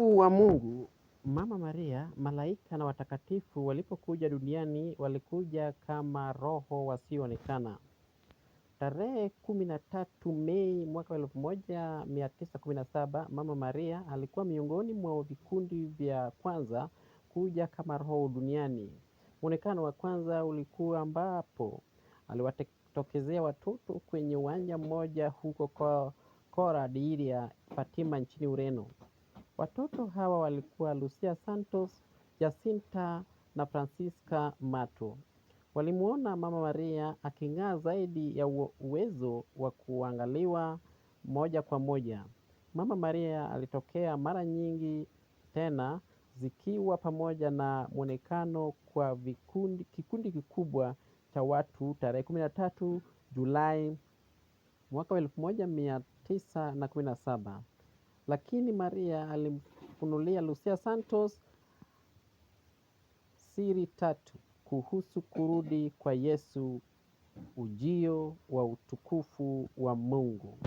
utukufu wa Mungu, Mama Maria, malaika na watakatifu walipokuja duniani walikuja kama roho wasioonekana. Tarehe kumi na tatu Mei mwaka elfu moja mia tisa kumi na saba Mama Maria alikuwa miongoni mwa vikundi vya kwanza kuja kama roho duniani. Mwonekano wa kwanza ulikuwa ambapo aliwatokezea watoto kwenye uwanja mmoja huko kora Diria Fatima nchini Ureno. Watoto hawa walikuwa Lucia Santos, Jacinta na Francisca Mato. Walimwona Mama Maria aking'aa zaidi ya uwezo wa kuangaliwa moja kwa moja. Mama Maria alitokea mara nyingi tena zikiwa pamoja na mwonekano kwa vikundi, kikundi kikubwa cha watu tarehe 13 Julai mwaka 1917. Lakini Maria alimfunulia Lucia Santos siri tatu kuhusu kurudi kwa Yesu, ujio wa utukufu wa Mungu.